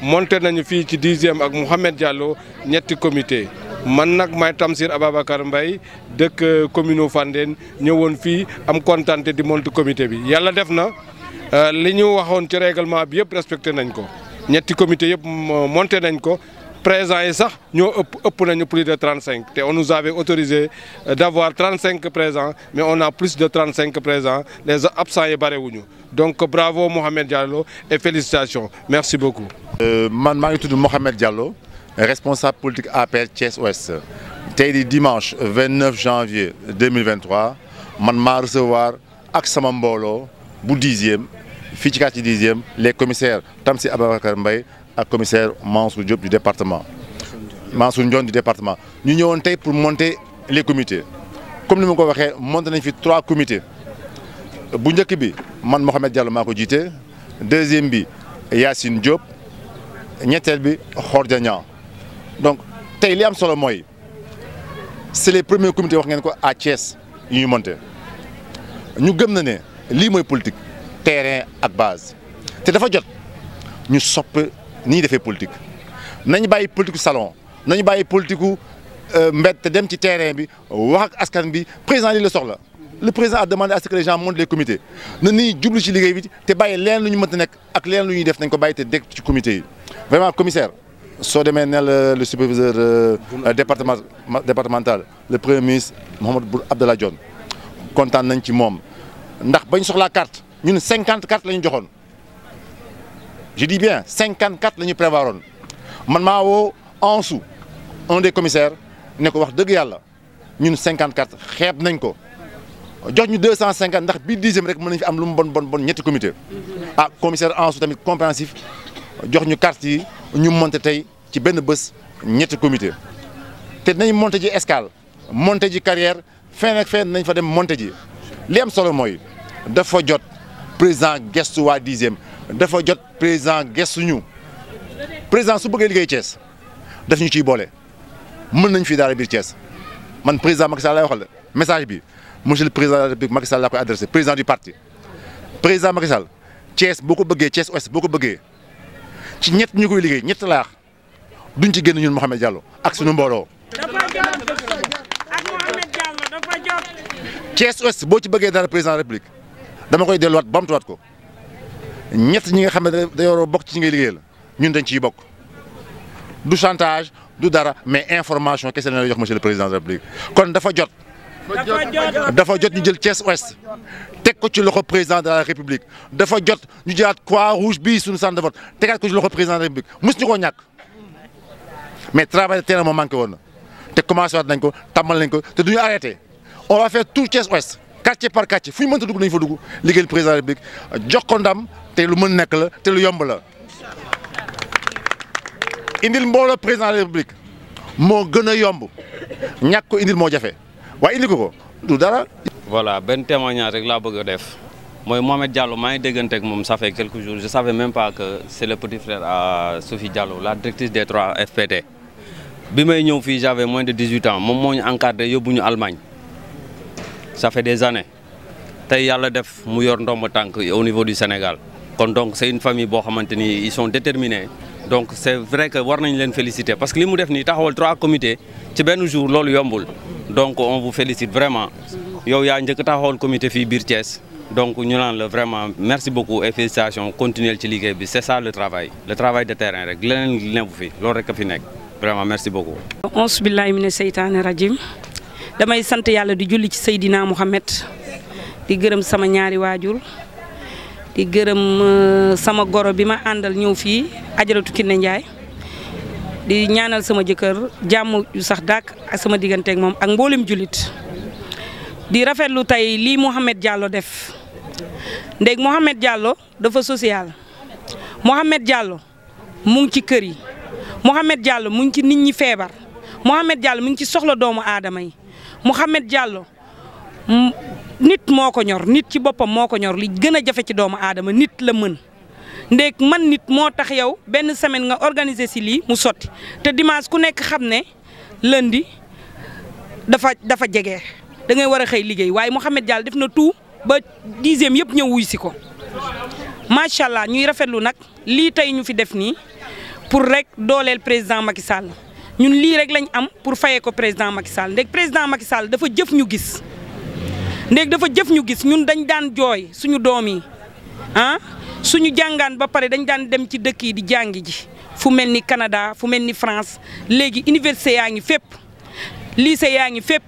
monté nañu fii ci dixième ak Mouhamed Diallo ñetti comité man nag may Tamsir Ababacar mbay dëkk euh, commune Fandène ñëwoon fii am kontaan di monté comité bi yàlla def na euh, li ñu waxoon ci règlement bi yëpp respecté nañ ko ñetti comité yëpp euh, monté nañ ko présents yi sax ñoo ëpp ëpp nañu plus de trente cinq te on nous avait autorisé euh, d' avoir cinq présents mais on a plus de trente cinq présents les absents yi barewuñu donc bravo Mohamed Diallo et félicitations merci beaucoup. Euh, man maa ngi tudd Mohamed Diallo responsable politique APR Thiès Ouest tey di dimanche vingt neuf janvier deux mille vingt man maa recevoir ak sama mbooloo bu dixième fii ci quartier dixième les commissaires Tamsi Ababacar Mbaye ak commissaire Mansour Diop du département Mansour Ndione du département ñu ñëwoon tey pour monter les comités comme ni ma ko waxee monté nañ fi trois comités bu njëkk bi man Mouhamed Diallo maa ko jiite deuxième bi Yacine Diop ñetteel bi Khor Diagnan donc tey li am solo mooy c'est les premiers comités wax ngeen ko à Thiès yu ñu monté ñu gëm na ne lii mooy politique terrain ak base te dafa jot ñu sopp ni ñuy defee politique nañ bàyyi politique salon nañu bàyyi politique euh, mbed te dem ci terrain bi wax ak askan bi président li la soxla le président a demandé à ce que les gens montent les comités na ni jublu ci liggéey bi te bàyyi leen lu ñu mënta nekk ak leen lu ñuy def nañ ko bàyyi te dégg ci comité yi vraiment commissaire soo demee neel le superviseur euh, département départemental le premier ministre Mahammed Boun Abdallah Dionne kontaan nañ ci moom ndax bañ soxlaa carte ñun cinquante cartes la ñu joxoon je dis bien 54 la ñu prévoir woon man maa woo Ansou un des commissaires ne ko wax dëgg yàlla ñun 54 xeeb nañ ko jox ñu 250 ndax bii dixième rek mën nañ fi am lu mu bon bon bon ñetti comité ah commissaire Ansou tamit compréhensif jox ñu carte yi ñu monté tey ci benn bés ñetti comité te nañ monté ji escale monte ji carrière fenn ak fenn nañ fa dem monté ji li am solo mooy dafa jot président gestu waa dixième dafa jot président gestuñu président su bëggee liggéey cees def ñu ciy boole mën nañ fi daara bi Thiès man président Macky Sall laay waxal message bi monsieur le président de la République Macky Sall laa koy adressé président du parti président Macky Sall Thiès boo ko bëggee Thiès Ouest boo ko bëggee ci ñett ñu koy liggéey ñett laax duñ ci génn ñun Mouhamed Diallo ak suñu mbooloo. Thiès Ouest boo ci bëggee dara président République dama koy delluwaat bamtuwaat ko. ñett ñi nga xam ne dañoo bokk ci ngay liggéeyal ñun dañ ciy bokk du chantage du dara mais information kese la jox monsieur le président de la république kon dafa jot. dafa jot ñu jël Thiès Ouest teg ko ci loxo président de la république dafa jot ñu jëlaat croix rouge bii suñu centre de vote ko ci loxo président de la république mos ñu koo ñàkk mais travail de terrain moo manqué woon na te commencé waat nañ ko tàmmal nañ ko te duñu arrêté on va faire tout Thiès Ouest. quartier par quartier fu ñu mënta dugg nañ fa dugg liggéeyal président de la République jox te lu mën nekk la te lu yomb la. indil mbooloo président de République moo gën a yomb ñàkk ko indil moo jafe waaye indi ko ko du dara. voilà benn témoignage rek laa bëgg a def mooy Mohamed Diallo maa ngi déggante ak moom ça fait quelques jours je savais même pas que c' le petit frère à Sophie Diallo la directrice des 3 FPT bi may ñëw fii j'avais moins de 18 ans moom moo ñu encadré yóbbu ñu Allemagne. ça fait des années tey yàlla def mu yor ndomb tànk au niveau du Sénégal kon donc c'est une famille boo xamante ni ils son déterminés donc c'est vrai que war nañ leen féliciter parce que li mu def nii taxawal trois comités ci benn jour loolu yombul donc on vous félicite vraiment yow yaa njëkk taxawal comité fii biir Thiès donc ñu naan la vraiment merci beaucoup et félicitations continuer ci liggéey bi c'est ça le travail le travail de terrain rek leneen nebu fi loolu rek a fi nekk vraiment merci beaucoup. damay sant yàlla di julli ci Seydina Mouhamed di gërëm sama ñaari waajur di gërëm euh, sama goro bi ma àndal ñëw fii ajaratu Kiné njaay di ñaanal sama jëkkër jàmm yu sax dàkk ak sama diggante moom ak mboolem jullit di rafetlu tey lii Mouhamed Diallo def ndéeg Mouhamed Diallo dafa social Mouhamed Diallo mu ci kër yi Mouhamed Diallo mu ngi ci nit ñi feebar Mouhamed Diallo mu ngi ci soxla doomu aadama yi Mouhamed Diallo nit moo ko ñor nit ci boppam moo ko ñor li gën a jafe ci doomu aadama nit la mën ndéeg man nit moo tax yow benn semaine nga organiser si lii mu sotti te dimanche ku nekk xam ne lundi dafa dafa jege da ngay war a xëy liggéey waaye Mouhamed Diallo def na tout ba dixième yëpp ñëw wuy si ko macha allah ñuy rafetlu nag lii tey ñu fi def nii pour rek dooleel président Macky Sall. ñun lii rek lañ am pour fayee ko président Macky Sall ndeg président Macky Sall dafa jëf ñu gis ndeg dafa jëf ñu gis ñun dañ daan jooy suñu doom yi ah suñu jàngaan ba pare dañ daan dem ci dëkk yi di jàngi ji fu mel ni kanada fu mel ni France léegi université yaa ngi fépp liise yaa ngi fépp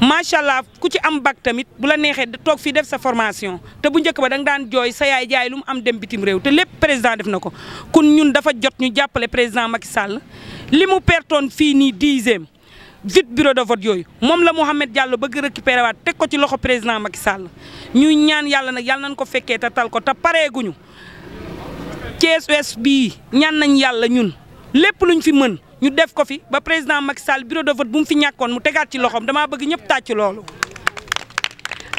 macha allah ku ci am bac tamit bu la neexee toog fii def sa formation te bu njëkk ba da daan jooy sa yaay jaay lu mu am dem bitim réew te lépp président def na ko kon ñun dafa jot ñu jàppale président Macky Sall li mu perton fii nii dixième vite bureau de vote yooyu moom la Mouhamed Diallo bëgg récupéré waat teg ko ci loxo président Macky Sall ñuy ñaan yàlla nag yàlla nañ ko fekkee ta tal ko te pareeguñu Thiès Ouest bii ñaan nañ yàlla ñun lépp luñ fi mën ñu def ko fi ba président Macky Sall bureau de vote bu mu fi ñàkkoon mu tegaat ci loxoom damaa bëgg ñëpp tàcc loolu.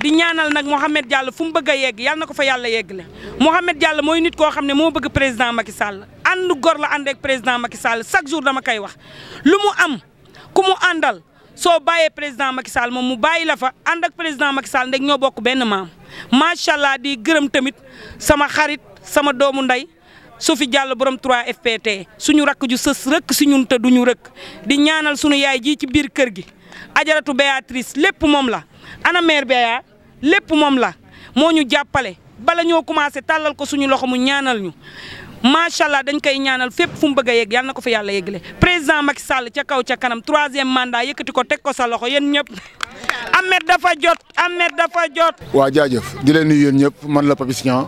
di ñaanal nag Mouhamed Diallo fu mu bëgg a yegg na ko fa yàlla yeggale Mouhamed Diallo mooy nit koo xam ne moo bëgg président Macky Sall ànd gor la ànd ak président Macky Sall chaque jour dama koy wax lu mu am ku mu àndal soo bàyyee président Macky Sall moom mu bàyyi la fa ànd ak président Macky Sall ñoo bokk benn maam macha allah di gërëm tamit sama xarit sama doomu ndey su fi jàll borom 3 FPT suñu rakk ju sës rëkk si ñun te duñu rëkk di ñaanal suñu yaay ji ci biir kër gi ajaratu Béatrice lépp moom la ana lépp moom la moo ñu jàppale bala ñoo commencé tàllal ko suñu loxo mu ñaanal ñu macha allah dañ koy ñaanal fépp fu mu bëgg a yegg yal na ko fa yàlla yeggale président Macky Sall ca kaw ca kanam troisième mandat yëkkati ko teg ko sa loxo yéen ñëpp. Ahmed dafa jot Ahmed dafa jot. waa jaajëf di leen nuyu yéen ñëpp man la Papis Niang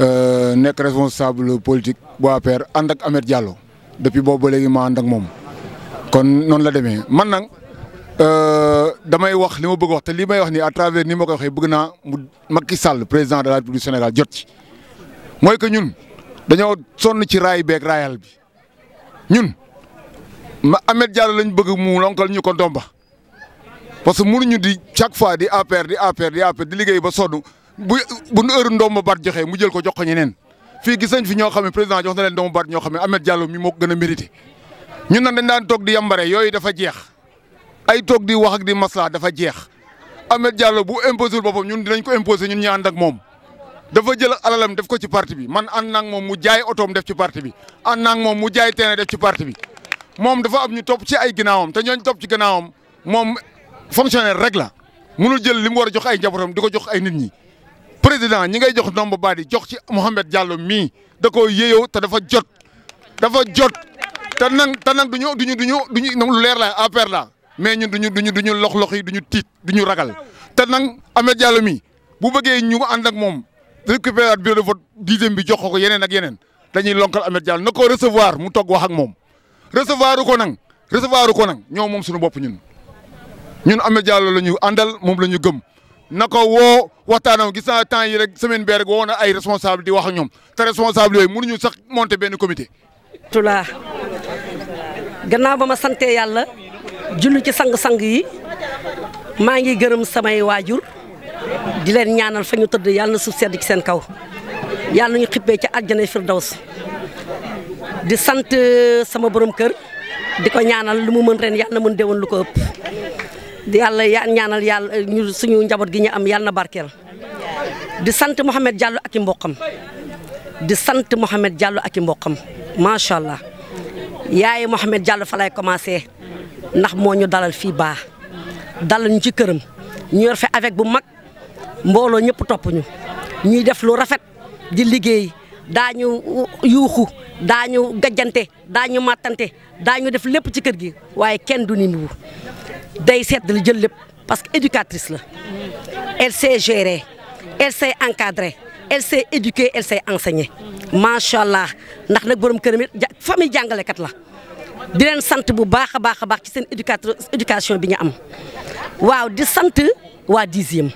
euh, nekk responsable politique boo APR ànd ak Ahmed depuis boobu ba léegi ma ànd ak moom kon noonu la demee man damay wax li ma bëgg wax te lii may wax ni à travers ni ma ko waxee bëgg naa mu Macky Sall président de la République du Sénégal jot ci mooy que ñun dañoo sonn ci raay beeg raayal bi ñun ma Ahmed Diallo lañ bëgg mu lonkal ñu ko ndomba parce que ñu di chaque fois di APR di APR di APR liggéey ba sonn bu bu nu heure ndomba baat joxee mu jël ko jox ko ñeneen fii gis nañ fi ñoo xam ne président jox na leen ndomba baat ñoo xam ne Ahmed Diallo mi moo ko gën a mérité ñun nag dañ daan toog di yambare yooyu dafa jeex. ay toog di wax ak di maslaa dafa jeex Ahmed Diallo bu imposé boppam ñun dinañ ko imposé ñun ñu ànd ak moom dafa jël alalam def ko ci parti bi man ànd naa ak moom mu jaay otoom def ci parti bi ànd naa moom mu jaay teene def ci parti bi moom dafa am ñu topp ci ay ginnaawam te ñooñ topp ci ginnaawam moom fonctionnaire rek la munul jël li mu war a jox ay njabootam di ko jox ay nit ñi président ñi ngay jox ndomba baa di jox ci Mouhamed Diallo mii da koo yéyoo te dafa jot dafa jot te nag te ñu duñu duñu duñu duñu lu leer la APR la mais ñun duñu duñu duñu lox lox yi duñu tiit duñu ragal te nag Ahmed Diallo mi bu bëggee ñu ànd ak moom récupérer bureau fo vote dixième bi jox ko yeneen ak yeneen dañuy lonkal Ahmed Diallo na ko recevoir mu toog wax ak moom recevoir ko nag recevoir ko nag ñoom moom suñu bopp ñun ñun Ahmed Diallo la ñu àndal moom la ñu gëm na ko wo waxtaanam gis naa temps yi rek semaine bee rek woo na ay responsable di wax ak ñoom te responsable yooyu ñu sax monter benn comité. tula gannaaw ba ma yàlla. julli ci sang-sang yi maa ngi gërëm samay waajur di leen ñaanal fa ñu tëdd yàlla na suuf sedd ci seen kaw yàlla nañu xippe ci àjjana firdaws di sant euh, sama borom kër di ko ñaanal lu mu mën ren yàlla na mën déwoon lu ko ëpp di yàlla ñaanal yàlla euh, suñu njaboot gi ñu am yàlla na barkeel di sant Mouhamed Diallo ak i mboqam di sant Mouhamed Diallo ak i mboqam macha allah yaay Mouhamed Diallo fa lay commencé. ndax moo ñu dalal fii baax dalal ñu ci këram ñu avec bu mag mbooloo ñëpp topp ñu ñuy def lu rafet di liggéey daañu yuuxu daañu gajjante daañu màttante daañu def lépp ci kër gi waaye kenn du ni mu day sedd li jël lépp parce que éducatrice la elle sait gérer elle sait encadrer elle sait éduquer macha allah ndax nag borom këram famille jàngalekat la. di leen sant bu baax a baax a baax ci seen éducateur éducation bi ñu am waaw di sant waa dixième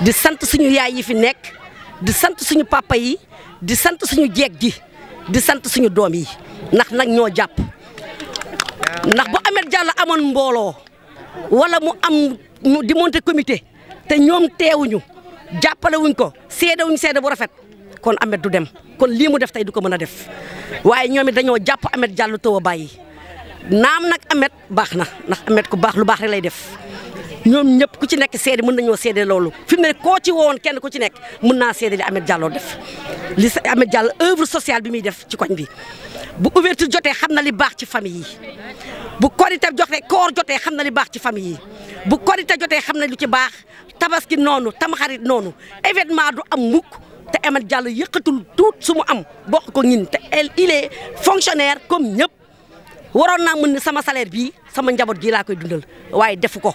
di sant suñu yaay yi fi nekk di sant suñu papa yi di sant suñu jeeg ji di sant suñu doom yi ndax nag ñoo jàpp ndax bu Ameth Diallo amoon mbooloo wala mu am mu di monter comité te ñoom teewuñu jàppalewuñ ko seedewuñ seede bu rafet kon Ameth du dem kon lii mu def tey du ko mën a def waaye ñoom it dañoo jàpp Ameth Diallo taw bàyyi naam nag amet baax na ndax Ameth ku baax lu baax rek lay def ñoom ñëpp ku ci nekk seede mën nañoo seede loolu fi mu ne koo ci woon kenn ku ci nekk mun naa seede li Ameth Diallo def li Ameth jàll œuvre social bi muy def ci koñ bi bu ouverture jotee xam na li baax ci famille yi bu korite jotee koor jotee xam na li baax ci famille yi bu korite jotee xam na lu ci baax tabaski noonu tamxarit noonu te Amet Diallo yëkkatul tuut su mu am bokk ko ñin te elle il est fonctionnaire comme ñëpp waroon naa mën ne sama salaire bii sama njaboot jii laa koy dundal waaye defu ko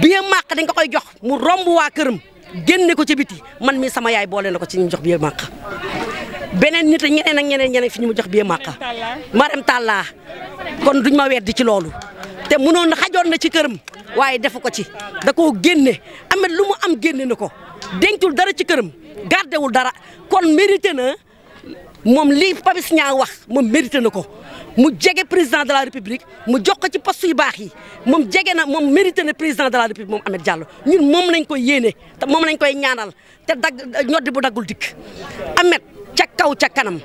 bien màq dañ ko koy jox mu romb waa këram génne ko ci biti man mi sama yaay boole na ko ci ñu jox bien màq beneen nit ñeneen ak ñeneen ñeneen fi ñu mu jox bien màq Marème Talla kon duñ ma di ci loolu te mënoon na xajoon na ci këram waaye defu ko ci da koo génne Amet lu mu am génne na ko dencul dara ci këram gardewul dara kon mérité na moom lii Papis Niang wax moom mérité na ko mu jege président de la république mu jox ko ci poste yu baax yi moom jege na moom mérité na président de la république moom Ahmed Diallo ñun moom lañ ko yéene te moom lañ koy ñaanal te dagg ñoddi bu daggul dikk Ahmed ca kaw ca kanam.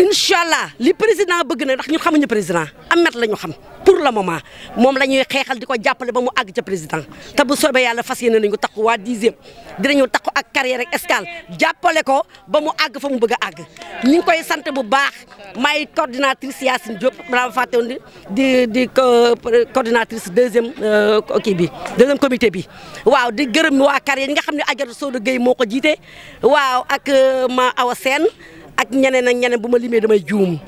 incha allah li président bëgg na ndax ñun xamuñu président amet la ñu xam pour le moment moom la ñuy xeexal di ko jàppale ba mu àgg ca président te bu soobee yàlla fas yéene nañu takku waa dixième dinañu takku ak carrière ak escale jàppale ko ba mu àgg fa mu bëgg a àgg ñu ngi koy sant bu baax may coordinatrice Yacine Diop balaa ma fàtte woon di di di coordinatrice deuxième euh, kii bi deuxième comité bi waaw di gërëm waa carrière ñi nga xam ne soo Sow Gueye moo ko jiite waa ak euh, ma Awa Sène ak ñeneen ak ñeneen bu ma limee damay juum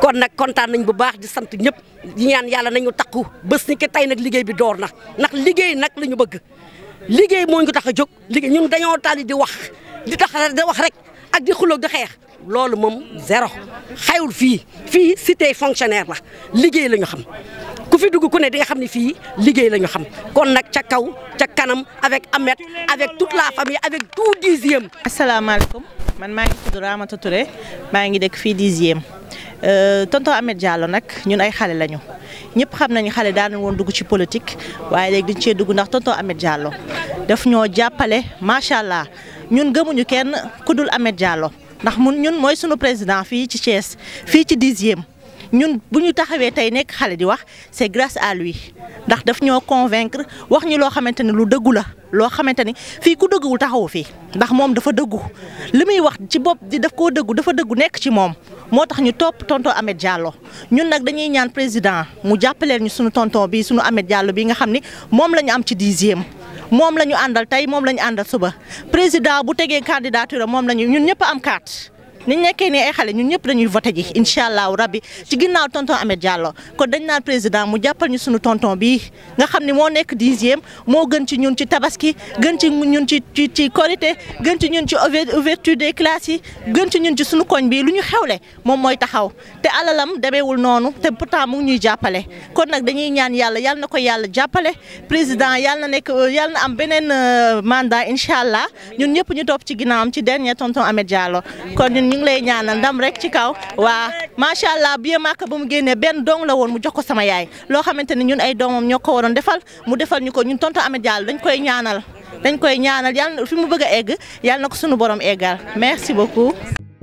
kon nag kontaan nañ bu baax di sant ñëpp di ñaan yàlla nañu takku bas ni ki tey nag liggéey bi door nag ndax liggéey nag la ñu bëgg liggéey mooñ ko tax a jóg liggéey ñu dañoo tali di wax di tax di wax rek ak di xuloo di xeex loolu moom zéro xayul fii fii cité fonctionnaire la liggéey la ñu xam ku fi dugg ku ne di nga xam ne fii liggéey la ñu xam kon nag ca kaw ca kanam avec Ahmed avec toute la famille avec tout dixième asalaamaaleykum man maa ngi tudd Ramata Touré maa ngi dëkk fii dixième euh, tonton Ahmed Diallo nag ñun ay xale lañu ñëpp xam nañu xale daanu woon dugg ci politique waaye léegi duñ cee dugg ndax tonton Ahmed Diallo daf ñoo jàppale macha allah ñun gëmuñu kenn ku dul Ahmed Diallo ndax mun ñun mooy sunu président fii ci Thiès fii ci dixième. ñun bu ñu taxawee tey nekk xale di wax c'est grâce à lui ndax daf ñoo convaincre wax ñu loo xamante ne lu dëggu la loo xamante ni fii ku dëggu dëgguwul taxawu fii ndax moom dafa dëggu li muy wax ci bopp di daf koo dëggu dafa dëggu nekk ci moom moo tax ñu topp tonton Ahmed jàllo ñun nag dañuy ñaan président mu jàppaleel ñu suñu tonton bi suñu Ahmed jàllo bi nga xam ni moom la ñu am ci dixième moom la ñu àndal tey moom la ñu àndal suba président bu tegee candidature moom la ñu ñun ñëpp am ni ñu ni nii ay xale ñun ñëpp dañuy voté ji incha allahu rabbi ci ginnaaw tonton Ameth Diallo kon dañ naan président mu jàppal ñu sunu tonton bii nga xam ni moo nekk dixième moo gën ci ñun ci tabaski gën ci ñun ci ci ci korité gën ci ñun ci ouverture des classes yi gën ci ñun ci sunu koñ bii lu ñu xewle moom mooy taxaw te alalam demeewul noonu te pourtant mu ngi ñuy jàppale kon nag dañuy ñaan yàlla yàlla na ko yàlla jàppale président yàlla nekk euh, yàlla am beneen euh, mandat incha allah ñun ñëpp ñu topp ci ginnaawam ci dernier tonton Ameth ñu lay ñaanal ndam rek ci kaw waa macha allah bien màkk ba mu génnee benn doom la woon mu jox ko sama yaay loo xamante ni ñun ay doomam ñoo ko waroon defal mu defal ñu ko ñun tonton Ameth Diallo dañ koy ñaanal dañ koy ñaanal yàlla fi mu bëgg a egg yàlla na ko suñu borom eggal merci beaucoup.